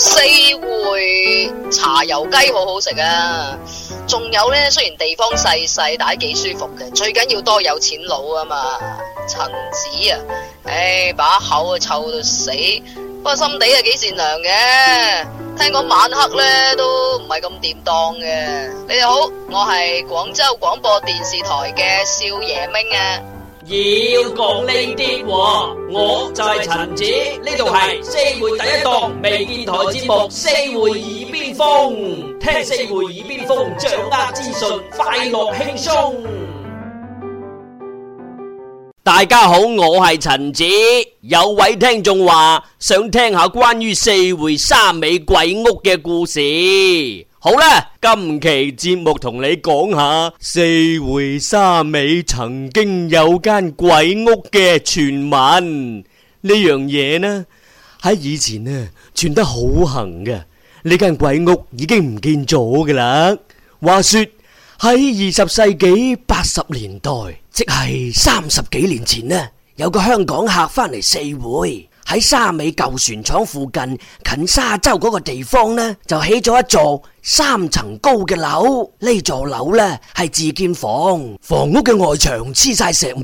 四會茶油雞好好食啊！仲有呢，雖然地方細細，但係幾舒服嘅。最緊要多有錢佬啊嘛！陳子啊，唉、哎，把口啊臭到死，不過心底啊幾善良嘅。聽講晚黑呢都唔係咁掂當嘅。你哋好，我係廣州廣播電視台嘅少爺明啊！要講呢啲，我就係陳子。呢度係四會第一檔微電台節目《四會耳邊風》，聽四會耳邊風，掌握資訊，快樂輕鬆。大家好，我係陳子。有位聽眾話想聽下關於四會沙尾鬼屋嘅故事。好啦，今期節目同你講下四會沙尾曾經有間鬼屋嘅傳聞。呢樣嘢呢喺以前呢、啊、傳得好行嘅。呢間鬼屋已經唔見咗㗎喇。話說喺二十世紀八十年代，即係三十幾年前呢，有個香港客翻嚟四會，喺沙尾舊船廠附近，近沙洲嗰個地方呢，就起咗一座。三層高嘅樓，呢座樓呢，係自建房，房屋嘅外牆黐晒石米。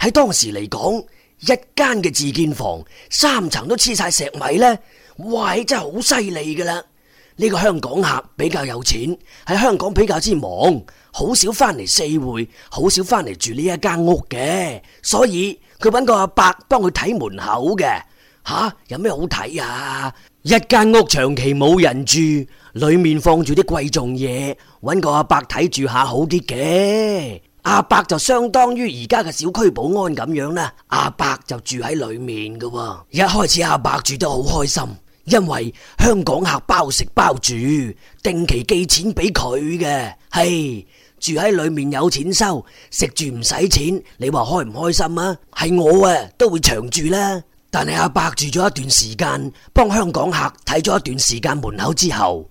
喺當時嚟講，一間嘅自建房三層都黐晒石米呢，哇！真係好犀利㗎喇。呢、這個香港客比較有錢，喺香港比較之忙，好少翻嚟四會，好少翻嚟住呢一間屋嘅，所以佢揾個阿伯幫佢睇門口嘅。吓，有咩好睇啊？一間屋長期冇人住，裏面放住啲貴重嘢，搵個阿伯睇住下好啲嘅。阿伯就相當於而家嘅小區保安咁樣啦。阿伯就住喺裏面㗎。一開始阿伯住得好開心，因為香港客包食包住，定期寄錢畀佢嘅。嘿，住喺裏面有錢收，食住唔使錢，你話開唔開心啊？係我啊，都會長住啦。但係阿伯住咗一段時間，幫香港客睇咗一段時間門口之後，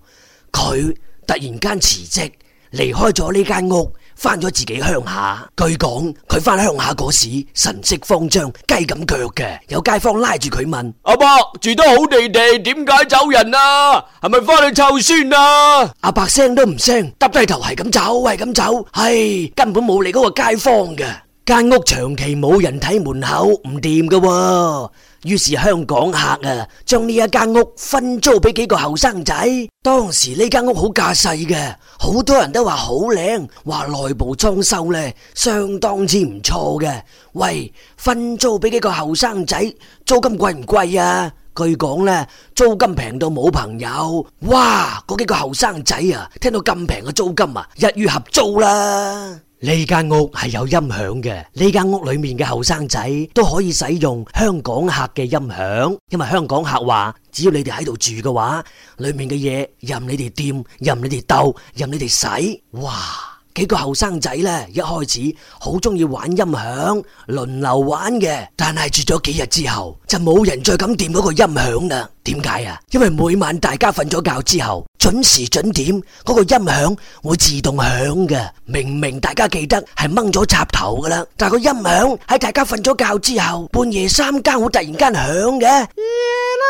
佢突然間辭職，離開咗呢間屋，返咗自己鄉下。據講佢返鄉下嗰時神色慌張，雞咁腳嘅。有街坊拉住佢問，阿伯住得好地地，點解走人啊？係咪返去湊孫啊？阿伯聲都唔聲，耷低頭係咁走，係咁走，唉，根本冇理嗰個街坊嘅。間屋長期冇人睇門口，唔掂噶。於是香港客啊，將呢一間屋分租俾幾個後生仔。當時呢間屋好架勢嘅，好多人都話好靚，話內部裝修呢，相當之唔錯嘅。喂，分租俾幾個後生仔，租金貴唔貴啊？據講呢，租金平到冇朋友。哇，嗰幾個後生仔啊，聽到咁平嘅租金啊，一於合租啦。呢間屋係有音響嘅，呢間屋裏面嘅後生仔都可以使用香港客嘅音響，因為香港客話，只要你哋喺度住嘅話，裏面嘅嘢任你哋掂，任你哋鬥，任你哋洗，哇！幾個後生仔呢，一開始好鍾意玩音響，輪流玩嘅。但係住咗幾日之後，就冇人再敢掂嗰個音響啦。點解啊？因為每晚大家瞓咗覺之後，準時準點嗰個音響會自動響嘅。明明大家記得係掹咗插頭噶啦，但係個音響喺大家瞓咗覺之後，半夜三更會突然間響嘅。夜來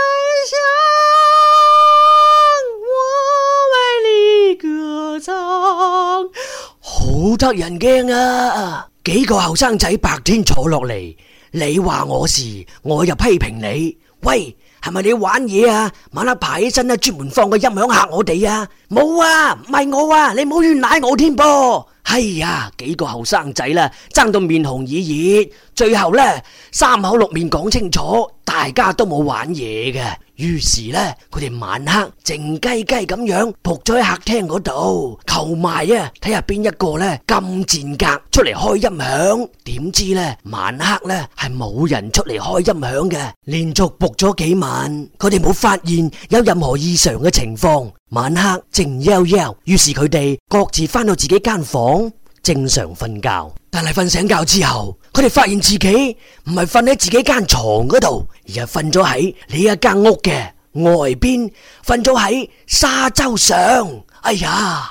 香，我為你歌唱。好得人驚啊！幾個後生仔白天坐落嚟，你話我事，我又批評你。喂，係咪你玩嘢啊？晚黑排起身啦，專門放個音響吓我哋啊！冇啊，唔係我啊，你唔好亂奶我添、啊、噃。哎呀，幾個後生仔啦，爭到面紅耳熱，最後咧三口六面講清楚。大家都冇玩嘢嘅，於是呢，佢哋晚黑靜雞雞咁樣仆咗喺客廳嗰度求埋啊，睇下邊一個呢咁賤格出嚟開音響。點知呢，晚黑呢係冇人出嚟開音響嘅，連續仆咗幾晚，佢哋冇發現有任何異常嘅情況。晚黑靜悠悠，於是佢哋各自翻到自己間房正常瞓覺。但係瞓醒覺之後。佢哋發現自己唔係瞓喺自己間床嗰度，而係瞓咗喺呢一間屋嘅外邊，瞓咗喺沙洲上。哎呀，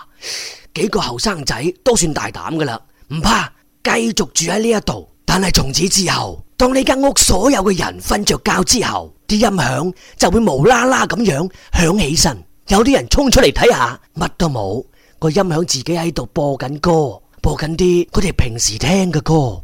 幾個後生仔都算大膽噶啦，唔怕，繼續住喺呢一度。但係從此之後，當呢間屋所有嘅人瞓着覺之後，啲音響就會無啦啦咁樣響起身。有啲人衝出嚟睇下，乜都冇，個音響自己喺度播緊歌，播緊啲佢哋平時聽嘅歌。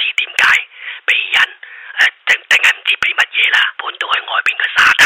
唔知點解俾人誒、呃、定定係唔知俾乜嘢啦，搬到去外邊嘅沙。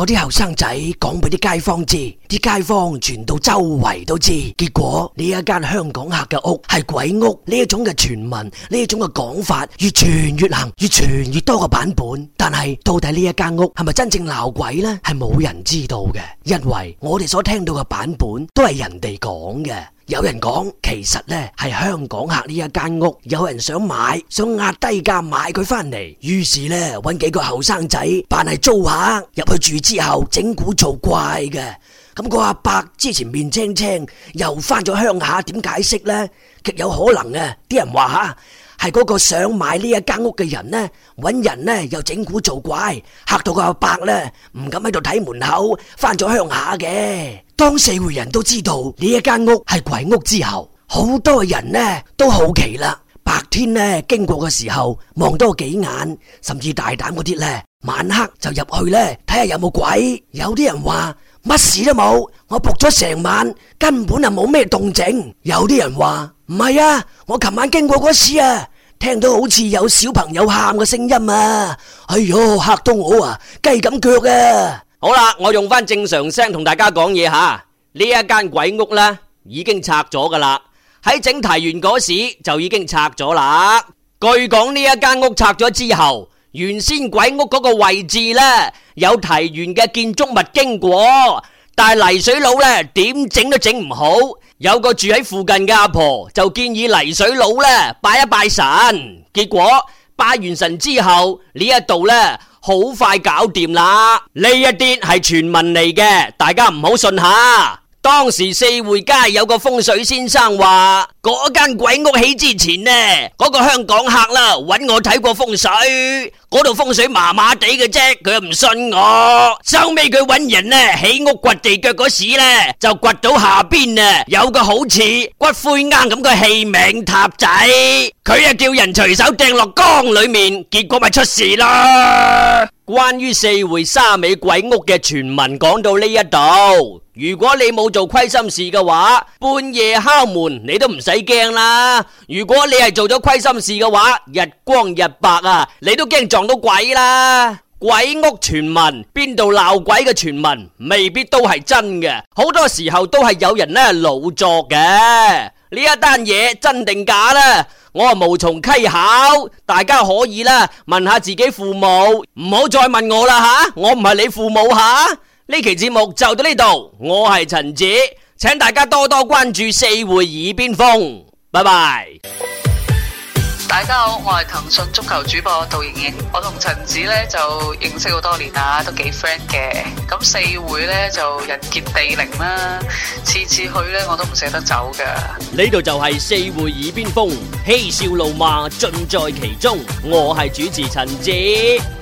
我啲後生仔講俾啲街坊知，啲街坊傳到周圍都知。結果呢一間香港客嘅屋係鬼屋，呢一種嘅傳聞，呢一種嘅講法越傳越行，越傳越，越，越多個版本。但係到底呢一間屋係咪真正鬧鬼呢？係冇人知道嘅，因為我哋所聽到嘅版本都係人哋講嘅。有人講，其實呢係香港客呢一間屋，有人想買，想壓低價買佢返嚟，於是呢，揾幾個後生仔扮係租客入去住之後整蠱做怪嘅，咁個阿伯之前面青青又返咗鄉下，點解釋呢？極有可能呀，啲人話吓。係嗰個想買呢一間屋嘅人呢，揾人呢又整蠱做怪，嚇到個阿伯呢唔敢喺度睇門口，翻咗鄉下嘅。當社會四會人都知道呢一間屋係鬼屋之後，好多人呢都好奇啦。白天呢經過嘅時候望多幾眼，甚至大膽嗰啲呢，晚黑就入去呢睇下有冇鬼。有啲人話乜事都冇，我仆咗成晚根本就冇咩動靜。有啲人話唔係啊，我琴晚經過嗰次啊。聽到好似有小朋友喊嘅聲音啊！哎喲，吓到我啊，雞咁腳啊！好啦，我用翻正常聲同大家講嘢吓。呢一間鬼屋呢已經拆咗噶啦。喺整堤園嗰時就已經拆咗啦。據講呢一間屋拆咗之後，原先鬼屋嗰個位置呢，有堤園嘅建築物經過。但係泥水佬咧，點整都整唔好。有個住喺附近嘅阿婆就建議泥水佬咧，拜一拜神。結果拜完神之後，呢一度咧好快搞掂啦。呢一啲係傳聞嚟嘅，大家唔好信下。當時四會街有個風水先生話，嗰間鬼屋起之前呢，嗰個香港客啦揾，我睇過風水，嗰度風水麻麻地嘅啫，佢又唔信我。收尾佢揾人呢，起屋掘地腳嗰時呢，就掘到下邊呢有個好似骨灰缸咁嘅器皿塔仔，佢啊，叫人隨手掟落江裏面，結果咪出事咯。關於四會沙尾鬼屋嘅傳聞講到呢一度。如果你冇做虧心事嘅話，半夜敲門你都唔使驚啦。如果你係做咗虧心事嘅話，日光日白啊，你都驚撞到鬼啦。鬼屋傳聞，邊度鬧鬼嘅傳聞，未必都係真嘅。好多時候都係有人咧老作嘅。呢一單嘢真定假咧，我啊無從稽考。大家可以啦，問下自己父母，唔好再問我啦吓，啊，我唔係你父母吓。啊呢期節目就到呢度，我係陳子，請大家多多關注四會耳邊風，拜拜。大家好，我係騰訊足球主播杜瑩瑩，我同陳子呢就認識好多年啦，都幾 friend 嘅。咁四會呢就人傑地靈啦，次次去呢，我都唔捨得走㗎。呢度就係四會耳邊風，嬉笑怒罵盡在其中，我係主持陳子。